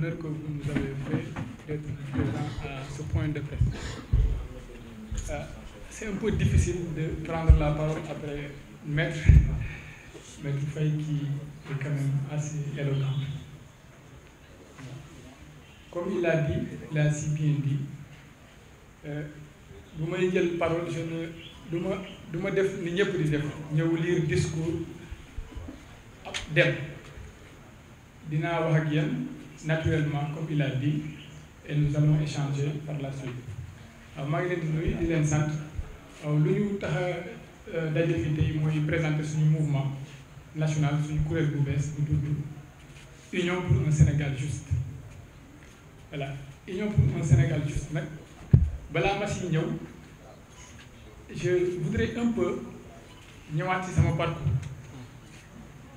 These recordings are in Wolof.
l'honneur que de presse. Euh, c'est difficile de prendre la parole après Maître, Maître Faye qui est quand assez éloquent. Comme il l'a dit, il a si bien dit, euh, bu may jël parole je du ma du ma def ni ñëpp di def ñëw lire discours dem dinaa wax ak yéen. naturellement comme il a dit et nous allons échanger par la suite waaw maa ngi leen leen sant waaw lu ñu tax a euh, daje fi tey mooy présenter suñu mouvement national suñu kuréel bu bees bu tudd union pour un Sénégal juste voilà union pour un Sénégal juste nag balaa ma si ñëw je voudrais un peu ñëwaat ci sama parcours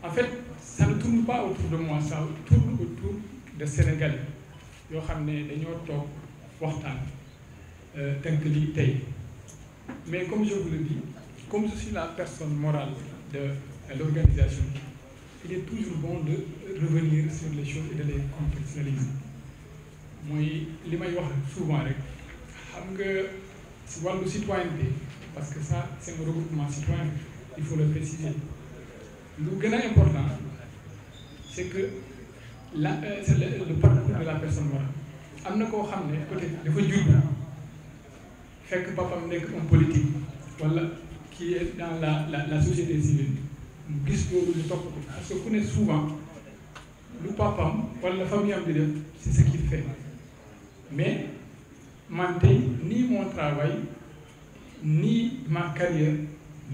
en fait ça ne tourne pas autour de moi ça tourne autour de Sénégal yoo xam ne dañoo toog waxtaan euh, tënk lii tey mais comme je vous le comme je suis la personne morale de l'organisation il est toujours bon de revenir sur les choses et de les contextualiser mooy li may wax souvent rek xam nga si wàllu citoyenneté parce que ça c'est un regroupement citoyen il faut le préciser lu gën a important c'est que la euh, c'est le parcours de la personne morale am na koo xam ne peut dafa judd fekk papam nekk un politique wala qui est dans la la la société civile mu gis loolu ñu topp ko parce que ku ne souvent lu papam wala famille am di def c'est ce qu'il fait mais man tey ni mon travail ma carrière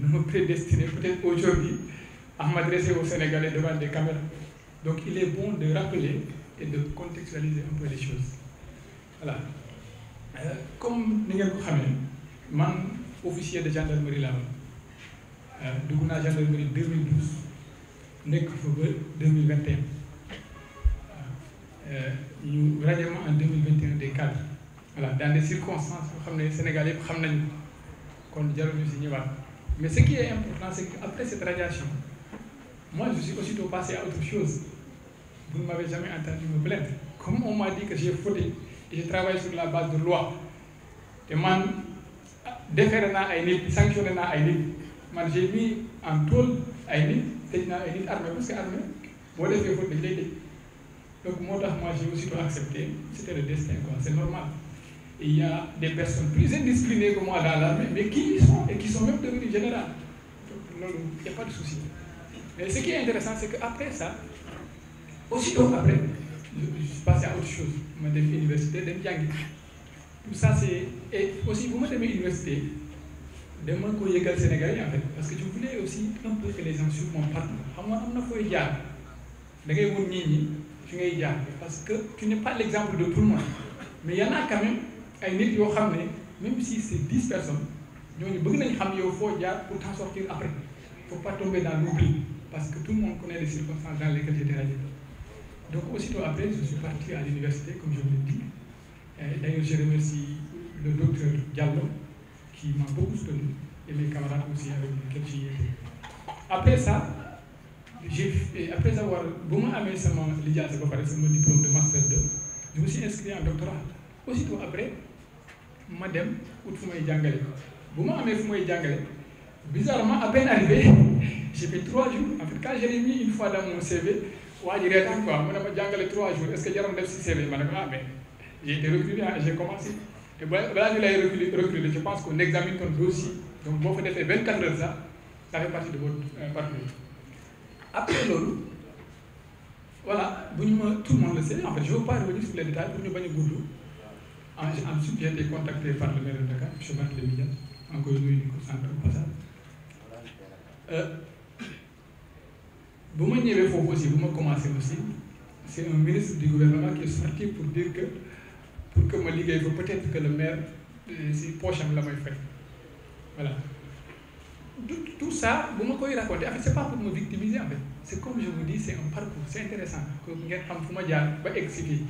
ne me prédestinait peut-être aujourd'hui à m'adresser aux Sénégalais devant des caméras Donc il est bon de rappeler et de contextualiser un peu les choses voilà euh, comme ni ngeen ko xamee man officier de gendarmerie laa woon euh, dugg naa gendarmerie 2012 nekk fa ba 2021 euh, euh, ñu radié ma en 2021 des cadres voilà dans des circonstances yoo xam ne Sénégal yëpp xam nañu kon jarul ñu si ñëwaat mais ce qui est important c'est que après cette radiation Moi, je suis aussitôt passé à autre chose. Vous ne m'avez jamais entendu me plaindre. Comme on m'a dit que j'ai fauté sur la base de loi te man defere naa ay nit sanctionné ay nit man j'ai mis en tôle ay nit tëj naa ay nit armée parce que armée boo defee faute dañ lay tëj donc moo tax moi j'ai aussitôt accepté c'était le destin quoi c'est normal et il y a des personnes plus indisciplinées que moi dans l'armée mais qui y sont et qui sont même devenues générales donc loolu y a de souci Mais eh, ce qui est intéressant, c'est qu'après ça, aussitôt après, je suis autre chose. ma def université dem jàngi tout ça c'est et aussi bu ma demee université dama ko yëgal Sénégal yi en fait parce que je voulais aussi un peu que les gens suivent mon xam nga am na fooy jaar da ngay wut nit ñi fi ngay jaar parce que tu n'es par l'exemple de tout le mais y en a quand ay nit yoo xam ne même si c'est dix personnes ñooñu bëgg nañ xam yow foo jaar pour t'en sortir après faut pas tomber dans l'oubli parce que tout le monde connaît les circonstances dans lesquelles j'étais radical. Donc aussitôt après, je suis parti à l'université, comme je vous l'ai dit. D'ailleurs, je remercie le docteur Diallo, qui m'a beaucoup soutenu, et mes camarades aussi avec lesquels j'y étais. Après ça, fait, après avoir bon amené mon diplôme de master 2, je me suis inscrit en doctorat. Aussitôt après, madame, où je suis allé. Je suis allé bizarrement à peine arrivé j'ai fait trois jours en fait quand je l'ai mis une fois dans mon CV waa ji reetaan quoi mu ne ma jàngale trois jours est-ce que jaroon si CV ma ne ko ah mais j'ai été recruté ah j'ai commencé te balaa ñu lay recruter recruter je e qu'on examine ton dossier donc boo fa defee vingt quatre heures sax ça fait partie de votre euh, parcours après loolu voilà bu ñu ma tout le monde le sait en fait je veux pas revenir sur les détails pour ñu bañ a gudd en ensuite j'ai été contacté par le maire de Dakar Euh, bu ma ñëwee foofu aussi bu ma commencé aussi c' est un ministre du gouvernement qui sorti pour dire que pour que ma liggéey ko peut être que le maire euh, si poche am la may fay voilà tout tout bu ma koy raconté en fait c' est pas pour me victimiser en fait comme je vous dis c' un parcours c' intéressant que ngeen xam fu ma jaar ba egg si fii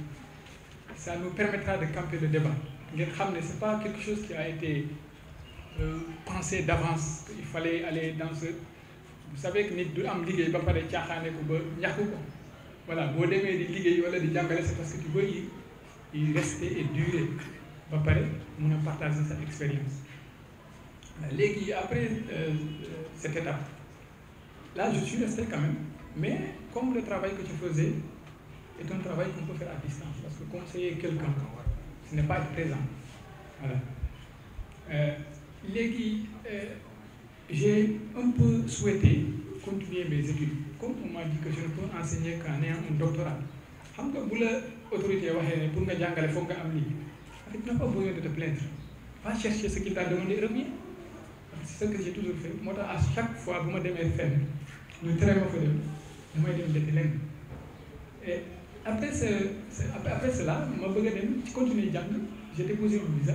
ça nous permettra de débat ngeen xam ne c' pas quelque chose qui a été. Euh, pensé d'avance il fallait aller dans ce vous savez que nit du am liggéey ba pare caaxaane ko ba ñàkku ko voilà boo demee di liggéey wala di jàngale c'est parce que tu veux yi y rester et ba pare mun a partager sa expérience léegi après euh, cette étape là je suis mais comme le travail que je faisais est un travail qu'on peut faire à distance parce que conseiller quelqu'un ce n'est pas être présent voilà euh, léegi euh, j'ai un peu souhaité continuer bi études comme on m'a dit que je ne peux enseigner qu'en ayant un doctorat xam nga bu la autorité waxee ne pour nga jàngale foog nga am lii tu n'as pas besoin de te plaindre va chercher ce qu'il t'a demandé et reviens c'est toujours fait moo tax à chaque fois bu ma demee fenn ñu tere ma fa dem damay dem jëndi lenn et après ce après cela ma bëgg dem ci continuer jàng j'ai déposé mon visa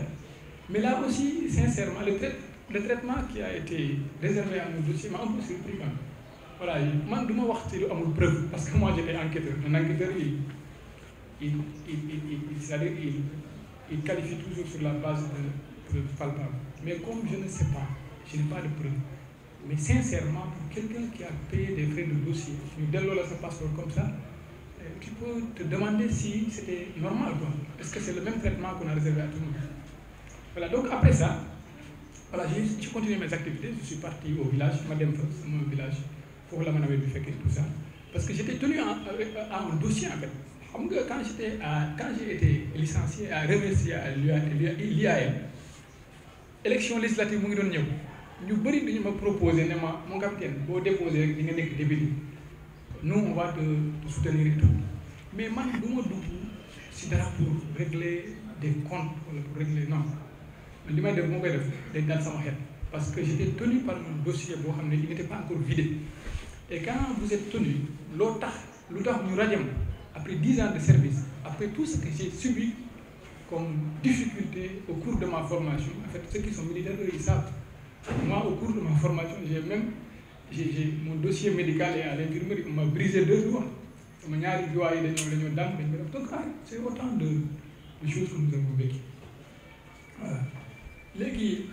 Mais là aussi, sincèrement, le, trai le traitement qui a été réservé à nos dossiers m'a un peu surpris. Voilà, moi, je ne sais pas si preuve, parce que moi j'étais enquêteur. Un enquêteur, il, il, il, il, qualifie toujours sur la base de preuves palpables. Mais comme je ne sais pas, je n'ai pas de preuves. Mais sincèrement, pour quelqu'un qui a payé des frais de dossier, nous donnons là ça passeport comme ça, euh, tu peux te demander si c'était normal. Est-ce que c'est a voilà donc après ça voilà j'ai continué mes activités je suis parti au village ma dem fa sama village foofu la ma nawet bi fekkee tout ça parce que j'étais tenu en à un dossier en fait xam nga quand j'étais à quand j'ai été licencié à remercier à l'IAM élection législative mu ngi doon ñëw ñu bëri dañu ma proposé ne ma mon capitaine boo déposé rek di nga nekk député nous on va te te soutenir et tout mais man du ma dugg si dara pour régler des comptes wala pour régler non li may def moo koy def day dal sama xel parce que j'étais tenu par mon dossier boo xam ne il n'était pas encore vidé et quand vous êtes tenu loo tax lu tax ñu rajo après dix ans de service après tout ce que j'ai subi comme difficulté au cours de ma formation en fait ceux qui sont militaires eux ils savent moi au cours de ma formation j'ai même j'ai j'ai mon dossier médical est à l'infirmerie on m'a brisé deux doigts sama ñaari doigts yi dañoo dañoo dàmp dañ ko def donc ah c'est autant de choses que léegi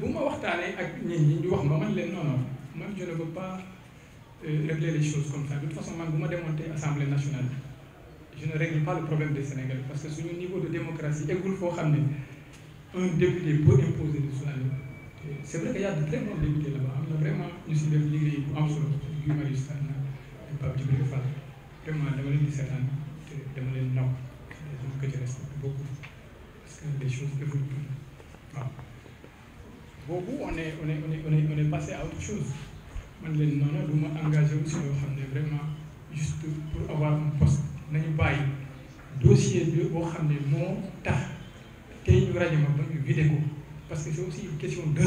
bu ma waxtaanee ak ñi ñi ñu wax ma man leen non non man je ne veux pas euh, régler les choses comme ça de façon man bu ma demoon tey assemblée nationale je ne règle pas le problème des Sénégalais parce que suñu niveau de démocratie eggul foo xam ne un député peut imposer de cela c' est vrai que y' de très bons députés là-bas am na vraiment ñu si def liggéey bu am solo Guy Marius Sagna ak Pape Djibril Fall vraiment dama leen seetaan te des gens que je boobu on est on est on est on est on est man leen noonu du ma engagé wu si yoo xam ne vraiment juste pour avoir un poste nañu bàyyi dossier bi boo xam ne moo tax tey ñu rajo ma ba ñu vidé parce que c'est si une question ma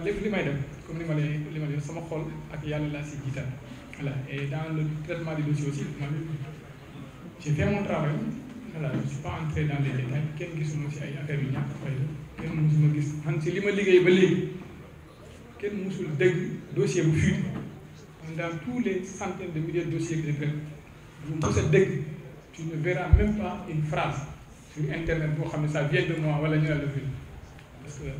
man lépp li may def comme ni ma lay li ma lay sama xol ak yàlla laa si jiital voilà et dans le traitement des dossiers aussi man j'ai fait mon travail voilà je suis pas entré dans les détails kenn gisuma si ay affaires yu ñàkk fay kenn musuma gis man si li ma liggéey ba léegi kenn musul dégg dossier bu fuite pendant tous les centaines de milliers de dossiers de j'ai fait bu mos a dégg tu ne verras même pas une phrase sur internet boo xam ne ça vient de moi wala ñu la fi parce que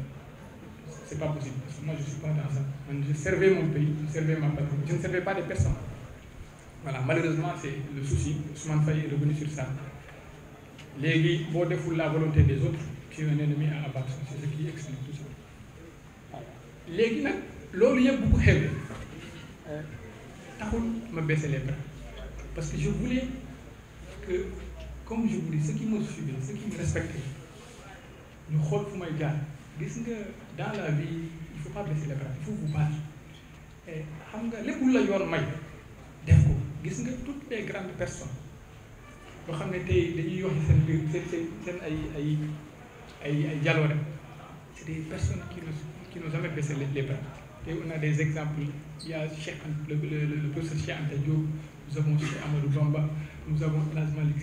c'est pas possible parce que moi je suis pas dans ça man je servais mon pays je servais ma patrie je ne servais pas des personnes voilà malheureusement c'est le souci Ousmane Faye est revenu sur boo deful la volonté des autres qui est un ennemi à abattre c'est ce explique tout léegi nag loolu yëpp bu xewee taxul ma baisser les parce que je voulais que comme je voulais ceux qui ñu xool fu may jaar gis nga dans bi vie il faut pas baisser les il faut vous battre xam nga lépp la yoon may def ko gis nga toutes des grandes personnes yoo xam ne tey dañuy yox seen seen seen seen ay ay. ay ay jaloore c'est des personne qui nous qui n'ont jamais baissé les les a des exemples il y a Cheikh le le le professeur Cheikh Anta Diop nous avons Cheikh Amadou Bamba nous avons El Hadj Malick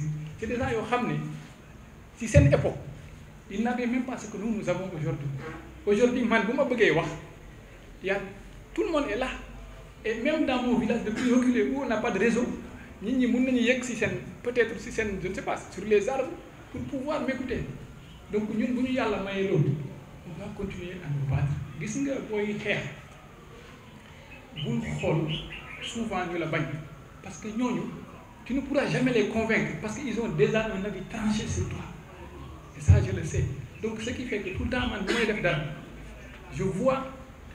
yoo xam ne si seen époque il n'avait même pas ce que nous nous avons aujourd'hui aujourd'hui man bu ma bëggee wax ya tout le monde est la et même dans mon village de plus reculé où on n'a pas de réseau nit ñi mën nañu yegg si seen peut-être si seen je ne sais pas sur les arbres pour pouvoir donc ñun bu ñu yàlla mayee loolu on va continuer à nous battre gis nga booy xeex bul xool souvent ñu la bañ parce que ñooñu tu ne pourras jamais les convaincre parce que ils ont déjà un avis tranché sur toi et ça je le sais donc ce qui fait que tout le temps man bu may def je vois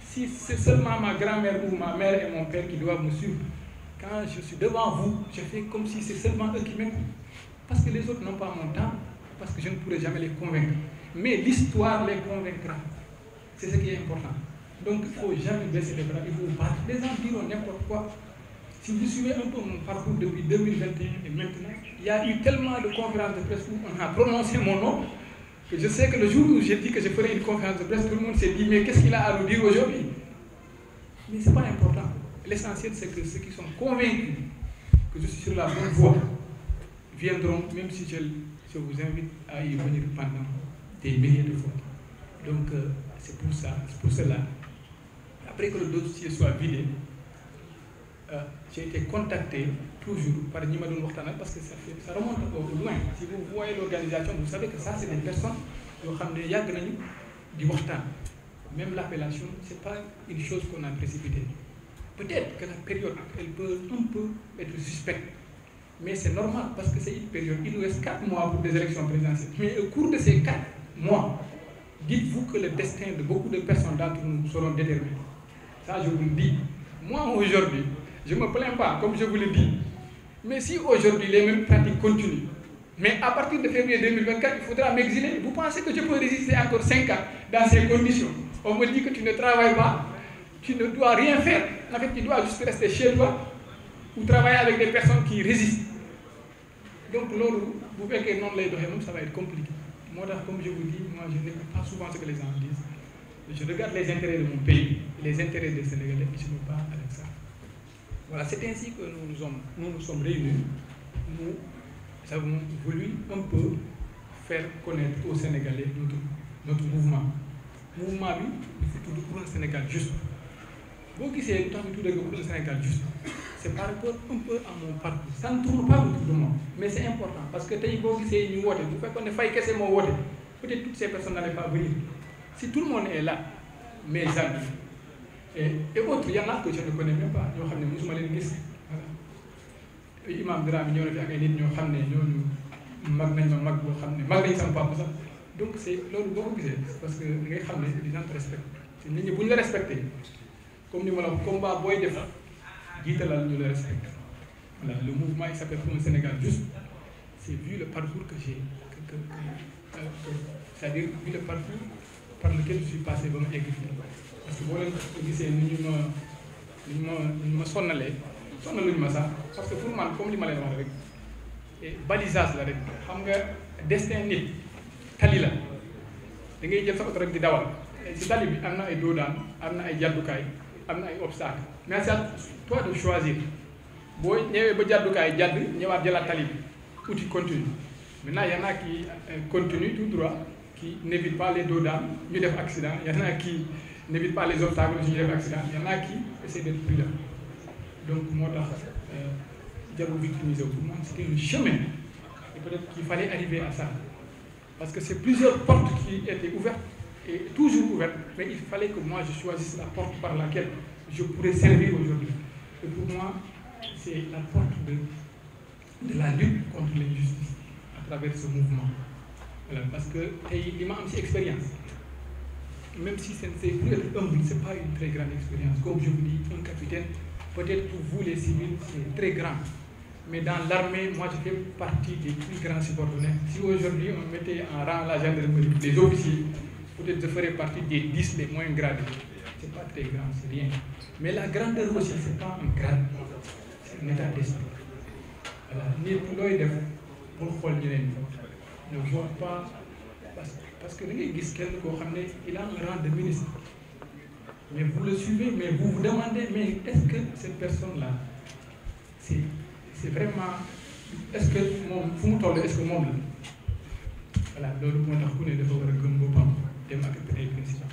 si c'est seulement ma grand ou ma mère et mon père qui doivent me suivre quand je suis devant vous je fais comme si c'est seulement eux qui parce que les autres n'ont pas mon temps parce que je ne pourrai jamais les convaincre. Mais l'histoire les convaincra. C'est ce qui est important. Donc il faut jamais baisser les bras, il faut battre. Les gens diront n'importe quoi. Si vous suivez un peu mon parcours depuis 2021 et maintenant, y a eu tellement de conférences de presse où on a prononcé mon nom que je sais que le jour où j'ai dit que je ferai une conférence de presse, tout le monde s'est dit mais qu'est-ce qu'il a à nous dire aujourd'hui Mais ce n'est pas important. L'essentiel, c'est que ceux qui sont convaincus je vous invite à y venir des milliers de fois. Donc, euh, c'est pour ça, c'est pour cela. Après que le dossier soit vidé, euh, j'ai été contacté toujours par Nima Wartana parce que ça, fait, ça remonte au loin. Si vous voyez l'organisation, vous savez que ça, c'est des personnes qui ont du Wartan. Même l'appellation, ce n'est pas une chose qu'on a précipitée. Peut-être que la période, elle peut un peu être suspecte. Mais c'est normal parce que c'est une période, il nous reste 4 mois pour des élections présidentielles. Mais au cours de ces 4 mois, dites-vous que le destin de beaucoup de personnes d'entre nous seront déterminés. Ça, je vous le dis. Moi, aujourd'hui, je me plains pas, comme je vous le Mais si aujourd'hui les mêmes pratiques continuent, mais à partir de février 2024, il faudra m'exiler. Vous pensez que je peux résister encore 5 ans donc loolu bu fekkee noonu lay doxee moom ça va être compliqué moo tax comme je vous dis moi je n'écoute pas souvent ce que les gens disent je regarde les intérêts de mon pays les intérêts des Sénégalais et je me bats avec ça voilà c'est ainsi que nous nous sommes nous nous sommes réunis nous avons voulu un peu faire connaître aux Sénégalais notre notre mouvement mouvement bi dafa tudd pour un Sénégal juste boo gisee tax bi tuddee ko pour un Sénégal juste c'est par rapport un peu à mon parcours ça ne tourne pas autour de moi mais c'est important parce que tey boo gisee ñu woote bu fekkoon ne fay kese moo woote peut-être toutes ces personnes n'allaient pas venir si tout le monde est là mes amis et et autres y en a que je ne connais même ñoo xam ne mosuma leen gis voilà. Imam Dramé ñëw na fi ak ay nit ñoo xam ne ñooñu mag nañ ma mag boo xam ne mag nañ sama papa sax donc c'est loolu boo ko gisee parce que ngay xam ne les nit ñi bu ñu la respecté comme ni ma la ko combat jiitalal ñu le respecte voilà le mouvement il s'appelle pour Sénégal juste c'est vu le parcours que j'ai que que que euh, c'est-à-dire vu le parcours par lequel je suis ba ma egg fii parce que boo leen gisee ni ñu ma ni ñu ma ni ñu ma sonnalee ma sax parce que pour man comme li ma lay wax rek balisage la rek xam nga destin nit tali la da jël sa oto rek di dawal si tali bi am na ay doodaan am na ay jàddukaay am na ay obstacle mais c'est à toi de choisir boo e ba jàddukaay jàdd ñëwaat jëlaat tali bi outil continue maintenant y en a qui euh, continue tout droit qui n'évite pas les dos d'âne ñu def accident y en a qui n'évite pas les obstacles ñu def accident y en a qui de d'être prudent donc moo tax euh, jarul victimiser wu pour man c'était un chemin et peut-être qu'il fallait arriver à ça parce que c'est plusieurs portes qui étaient ouvertes et toujours ouvertes mais il fallait que moi je choisisse la porte par laquelle je pourrais servir aujourd'hui. Et pour moi, c'est la porte de, de la lutte contre l'injustice à travers ce mouvement. Voilà, euh, parce que tey li ma am ci expérience même si ce n'est humble, c'est pas une très grande expérience comme je vous dis un capitaine peut-être pour vous les civils c'est très grand mais dans l'armée moi je fais partie des plus grands subordonnés si aujourd'hui on mettait en rang la gendarmerie les officiers peut-être je partie des dix les moins gradés c'est e pas très grand, c'est rien. Mais la grandeur aussi, c'est pas un e grade, c'est un état d'esprit. voilà nit looy def bul xool ñeneen ñi ne vois pas parce que da ngay gis kenn koo xam ne il a un rang de ministre mais vous le suivez mais vous vous demandez mais ce que cette personne la c'est c'est vraiment est-ce que moom fu mu toll est-ce que moom la voilà loolu moo tax ku ne dafa war a gëm boppam dem ak ay principal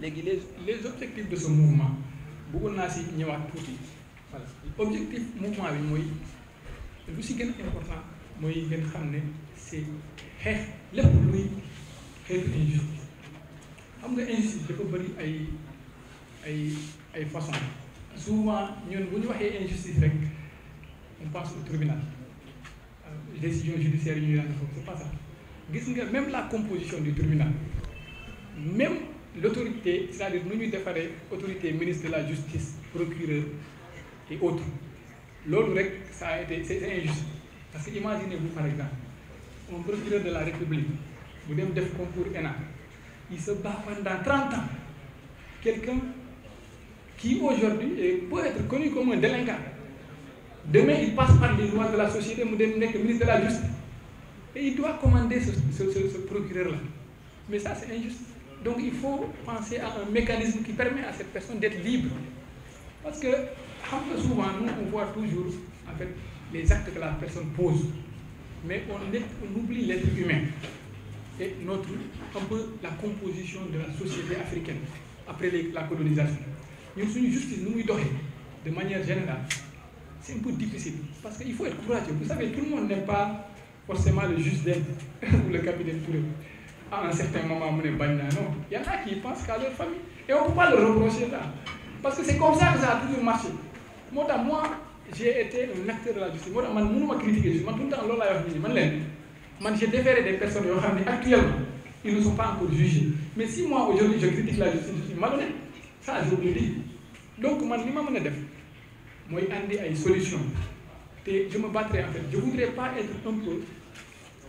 léegi les les objectifs de ce mouvement bëggoon naa si ñëwaat tuuti voilà objectif mouvement bi mooy lu si gën important mooy ngeen xam ne c'est xeex lépp luy xeex injustice xam nga injustice dafa bëri ay ay ay façon souvent ñun bu ñu waxee injustice rek on passe au tribunal euh, décision judiciaire yi ñuy rendre foofu c'est pas ça gis nga même la composition du tribunal même l'autorité c'est-à-dire nu ñuy defaree autorité ministre de la justice procureur et autres loolu rek sa a été c'est injuste parce que imaginez-vous par exemple un procureur de la république bu dem def concours ENA il se bat pendant trente ans quelqu'un qui aujourd'hui peut être connu comme un délinquant demain il passe par les lois de la société mu dem nekk ministre de la justice et il doit commander ce ce ce procureur là mais ça c'est injuste Donc il faut penser à un mécanisme qui permet à cette personne d'être libre. Parce que souvent, nous, on voit toujours en fait, les actes que la personne pose. Mais on, est, on oublie l'être humain et notre, un peu la composition de la société africaine après les, la colonisation. Nous sommes juste nous de manière générale. C'est un peu difficile parce qu'il faut être courageux. Vous savez, tout le monde n'est pas forcément le juste d'être ou le capitaine à ah, un certain moment mu ne bañ naa non il y en a qui pensent qu'à leur famille et on peut pas le reprocher là parce que c'est comme ça que ça a toujours marché moo tax moi j'ai été un acteur de la justice moo tax man mënuma critiquer juste man tout le temps loolu laay wax nit ñi man leen man j'ai déféré des personnes yoo xam ne actuellement ils ne sont pas encore jugés mais si moi aujourd'hui je critique la justice je suis malhonnête ça je vous le dis man li ma mën a def mooy andi ay solution te je me battrai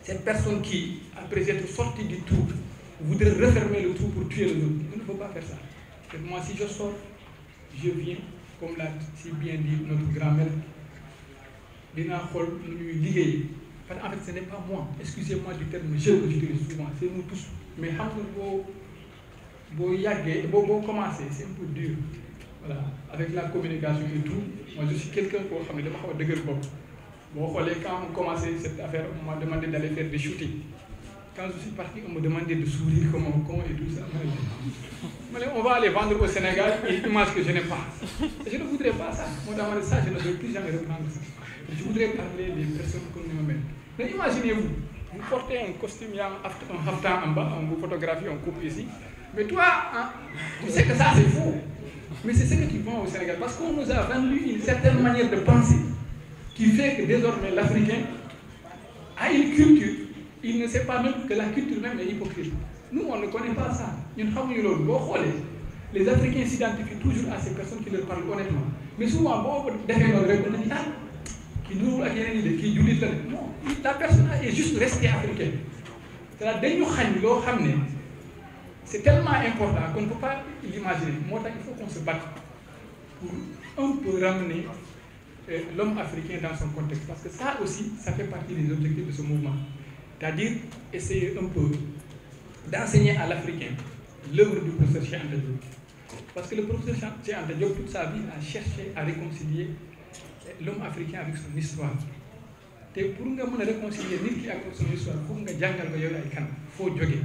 en personne qui après être sorti du trou, voudrait refermer le trou pour tuer le loup. Il ne faut pas faire ça. Et si je sors, je viens, comme l'a si bien dit notre grand-mère, dinaa xool nu ñuy liggéey parce que en fait ce n'est pas moi excusez-moi du terme je que j'utilise souvent c'est nous tous mais xam nga boo boo yàggee boo boo commencé c'est un peu dur voilà avec la communication et tout moi je suis quelqu'un koo xam ne dama xaw a dëgër bopp boo xoolee quand on commencé cette affaire on m'a demandé d'aller de des quand je suis parti, on me demandait de sourire comment, comment et tout ça. Mais on va aller vendre au Sénégal une image que je n'ai Je ne voudrais pas ça. Moi, d'avoir ça, je ne veux plus jamais reprendre ça. Je voudrais parler des personnes qu'on m'amène. Mais imaginez-vous, vous portez un costume, il a un haftan en bas, on vous photographie, on coupe ici. Mais toi, hein, tu sais que ça, c'est faux. Mais c'est ce que tu vends au Sénégal. Parce qu'on nous a vendu une certaine manière de penser qui fait que il ne sait pas même que la culture même est hypocrite nous on ne connaît pas ça ñun xamuñu loolu boo xoolee les africains s'identifient toujours à ces personnes qui leur parlent honnêtement mais souvent boo ko defee loolu rek danañ naan kii nurul ak yeneen yi de kii jullit la de non la personne est juste restée africaine c'est-à-dire dañu xañ loo xam ne c'est tellement important qu'on ne peut pas l'imaginer moo tax il faut qu'on se batte pour un peu ramener euh, l'homme africain dans son contexte parce que ça aussi ça fait partie c'est-à-dire essayer un peu à l'Africain l'œuvre du professeur Cheikh Anta Diop. Parce que le professeur Cheikh Anta Diop, toute sa vie, a cherché à réconcilier l'homme africain avec son histoire. te pour nga mën a réconcilier nit ki ak son histoire foog nga jàngal ko yow ay kan foo jógee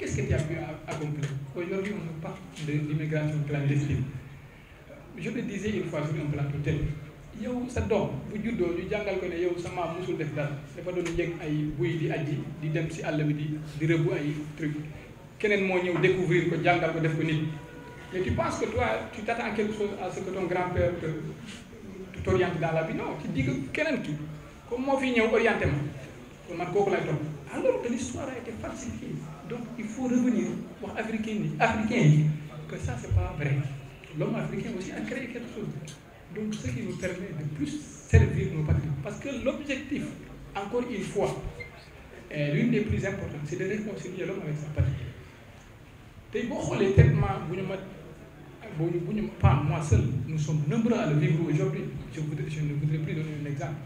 qu'est-ce que tu as pu accomplir aujourd'hui on parle de l'immigration clandestine je le disais une fois sur un plateau tel yow sa doom bu juddoo ñu jàngal ko ne yow sa maam musul def dara dafa doon yëg ay buy di aji di dem si àll bi di di rëbb ay truc keneen moo ñëw découvrir ko jàngal ko def ko nit mais tu penses que toi tu t'attends quelque chose à ce que ton grand-père te t'oriente dans la vie non tu dis keneen ki comme moo fi ñëw orienté ma kon man kooku lay topp alors que l'histoire a été falsifiée donc il faut revenir wax africain yi africain yi que ça c'est pas vrai a créé quelque Donc ce qui nous permet de plus servir nos patries. Parce que l'objectif, encore une fois, l'une des plus importantes, c'est de réconcilier l'homme avec sa patrie. tey boo xoolee tellement bu ñu ma boobu bu ñu pas moi seul nous sommes nombreux à le vivre aujourd'hui je voudrais je ne voudrais plus donner exemple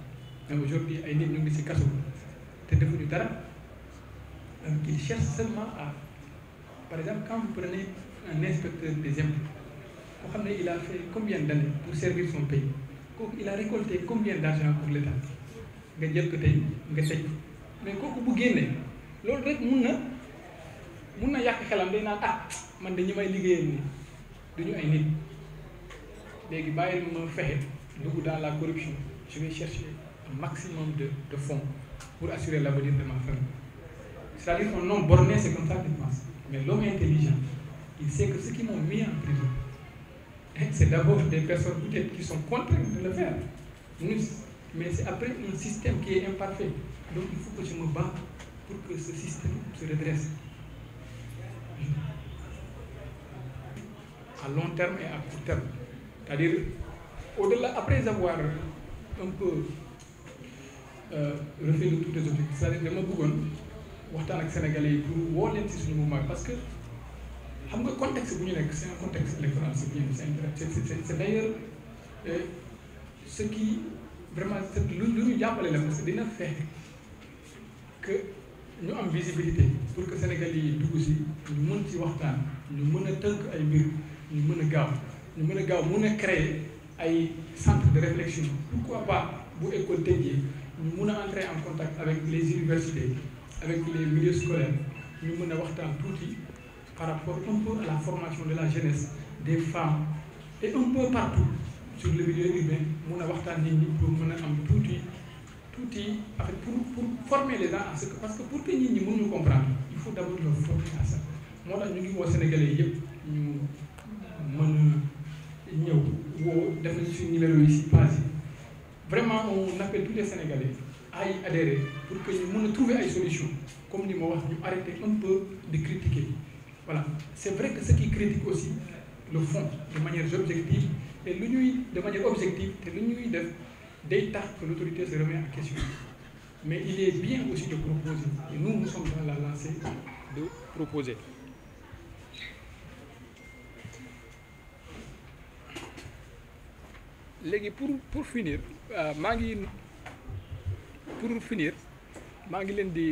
aujourd'hui ay nit ñu ngi si kaso te defuñu dara donc ils cherchent seulement à par exemple quand vous prenez des xam ne il a fait combien d'années pour servir son pays kooku il a récolté combien d'argent pour l'État ko tey nga tëj kooku bu génnee loolu rek mun na mun na yàq xelam day naan ah man dañu may liggéeyal nii du ay nit léegi bàyyi ma fexe dugg dans la corruption je vais chercher un maximum de de fonds pour assurer l'avenir de ma famille c'est-à-dire un homme borné comme ça qu'il pense mais l'homme intelligent il sait que ceux qui m'ont mis en c'est d'abord des personnes peut-être qui sont contraintes de le faire. mais c'est après un système qui est imparfait. Donc il faut que je me bats pour que ce système se redresse. À long terme et à court terme. C'est-à-dire, au-delà, après avoir un peu euh, refait le tour des objectifs, c'est-à-dire que je me suis dit, je suis Sénégalais Parce que xam nga contexte bu ñu nekk c'est un contexte électoral c'est bien c'est c'est d'ailleurs euh, ce qui vraiment c'est lu lu ñu jàppale la parce que dina fexe que ñu am visibilité pour que sénégal yi dugg si ñu mën si waxtaan ñu mën a tënk ay mbir ñu mën a gaaw ñu mën a gaaw mën a créer ay centre de réflexion pourquoi pas bu école tëjee ñu mun a entrer am contact avec les universités avec les milieux scolaires ñu mën a waxtaan tuuti. par rapport un peu la formation de la jeunesse des femmes et un peu partout sur le milieu urbain mun a waxtaan nit ñi pour mën a am tuuti tuuti avec pour pour former les gens à ce que parce que pour que nit ñi mën ñu comprendre il faut d'abord leur former à ça moo tax ñu ngi woo Sénégalais yëpp ñu mën ñëw woo def nañu suñu numéro yi si page yi vraiment on appelle tous les Sénégalais à y pour que ñu mun a trouver ay solution comme ni ma wax ñu arrêter un peu de critiquer. voilà c'est vrai que ceux qui critiquent aussi euh, le fond de manière objective te lu ñuy de manière objective te lu ñuy def day tax que l'autorité se remet en question mais il est bien aussi de proposer et nous nous sommes dans la lancée de proposer léegi pour pour finir euh, maa ngi pour finir maa ngi leen di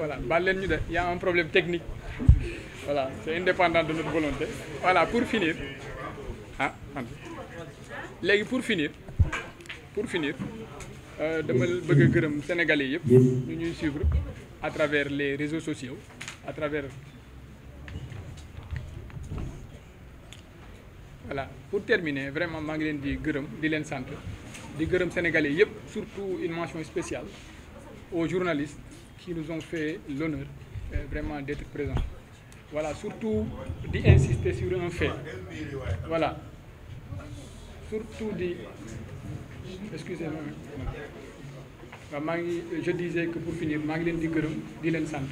voilà baal leen ñu de y a un problème technique voilà c'est indépendant de notre volonté voilà pour finir ah léegi pour finir pour finir euh, dama bëgg gërëm Sénégalais yëpp ñu ñuy suivre à travers les réseaux sociaux à travers voilà pour terminer vraiment maa ngi leen di gërëm di leen sant di gërëm Sénégalais yëpp surtout une mention spéciale aux journalistes qui nous ont fait l'honneur euh, vraiment d'être présents voilà surtout di insister sur un fait voilà surtout di excusez-moi waaw maa ngi je disais que pour finir maa ngi leen di gërëm di leen sant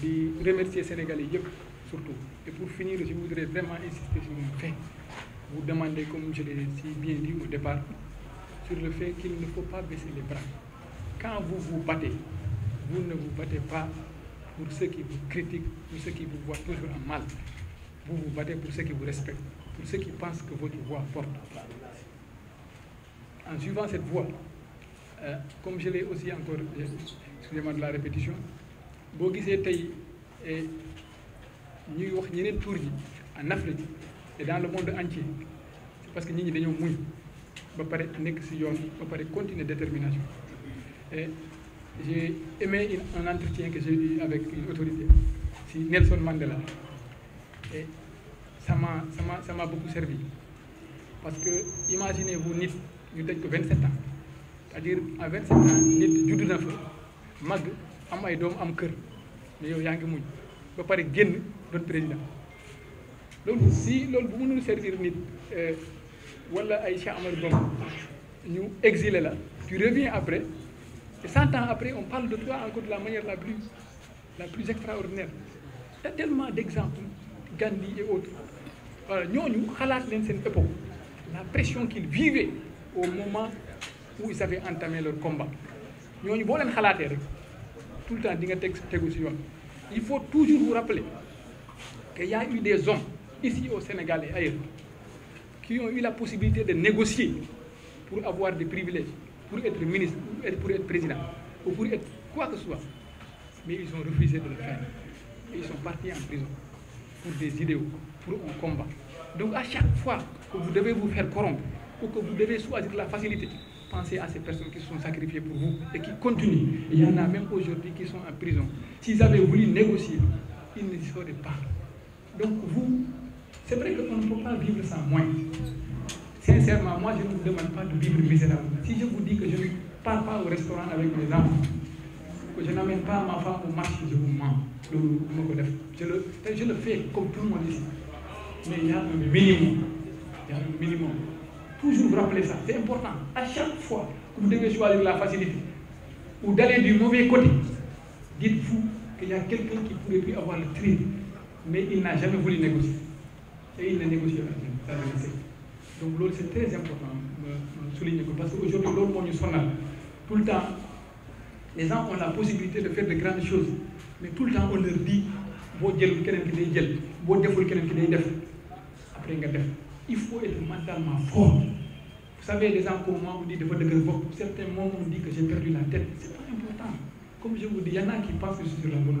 di remercier Sénégalais yëpp surtout et pour finir je voudrais vraiment insister sur un fait vous demandez comme je l'ai si bien dit au départ sur le fait qu'il ne faut pas baisser les bras quand vous vous battez vous na bu battez pas pour ceux qui vous critiquent, pour ceux qui vous voient toujours en mal. bu vous battez pour ceux qui vous respectent, pour ceux qui pensent que votre voix porte. En suivant cette voie, euh, comme je l'ai aussi encore, euh, excusez-moi de la répétition, boo gisee tey eh, ñuy wax ñeneen tour yi en Afrique et dans le monde entier c'est parce que nit ñi dañoo muñ ba pare nekk ci yoon ba pare continuer détermination et eh, j'ai aimé une, un entretien que j'ai eu avec une autorité, c'est Nelson Mandela. Et ça m'a beaucoup Parce que imaginez-vous nit ñu tëj ko 27 ans c'est-à-dire à 27 nit judd na fa mag am ay doom am kër mais yow yaa ngi muñ ba pare génn doon président loolu si loolu bu mënul servir nit euh, wala ay Cheikh Amadou Bamba ñu exilé la tu reviens après Et 100 ans après, on parle de toi encore de la manière la plus, la plus extraordinaire. Il y a tellement d'exemples, Gandhi et autres. Voilà, nous, nous, Khalat époque, la pression qu'ils vivaient au moment où ils avaient entamé leur combat. Nous, nous, nous, tout le temps, il faut toujours vous rappeler qu'il yaa a eu des hommes, ici au Sénégal et ailleurs, qui ont eu la possibilité de négocier pour avoir des privilèges. pour être ministre, pour être, pour président, ou pour être quoi que ce Mais ils ont refusé de le faire. Et ils sont partis en prison pour des idéaux, pour un combat. Donc à chaque fois que vous devez vous faire corrompre, ou que vous devez choisir la facilité, pensez à ces personnes qui sont sacrifiées pour vous et qui continuent. Et il a même aujourd'hui qui sont en prison. S'ils avaient voulu négocier, ils ne seraient pas. Donc vous, c'est vrai qu'on ne peut pas vivre sans sincèrement, moi, je ne vous demande pas de vivre misérable. Si je vous dis que je ne pas au restaurant avec mes enfants, que je n'amène pas ma femme au marché, je vous mens. Je le, je le fais comme tout le monde ici. Mais il y a un minimum. Il y a un minimum. Toujours vous rappeler ça, c'est important. À chaque fois que vous devez choisir la facilité ou d'aller du mauvais côté, dites-vous qu'il y a quelqu'un qui pourrait plus avoir le tri, mais il n'a jamais voulu négocier. Et il n'a négocié pas. donc loolu c'est très important nga euh, euh, souligner ko parce que aujourd'hui loolu moo ñu sonal tout le temps les gens ont la possibilité de faire de grandes choses mais tout le temps on leur dit boo jël keneen ki day jël boo deful keneen ki day def après nga def il faut être mentalement fort vous savez les gens comme moi on dit dafa dëgër bopp certains moom on dit que j'ai perdu la tête c'est pas important comme je vous dis y en a qui pensent que la bonne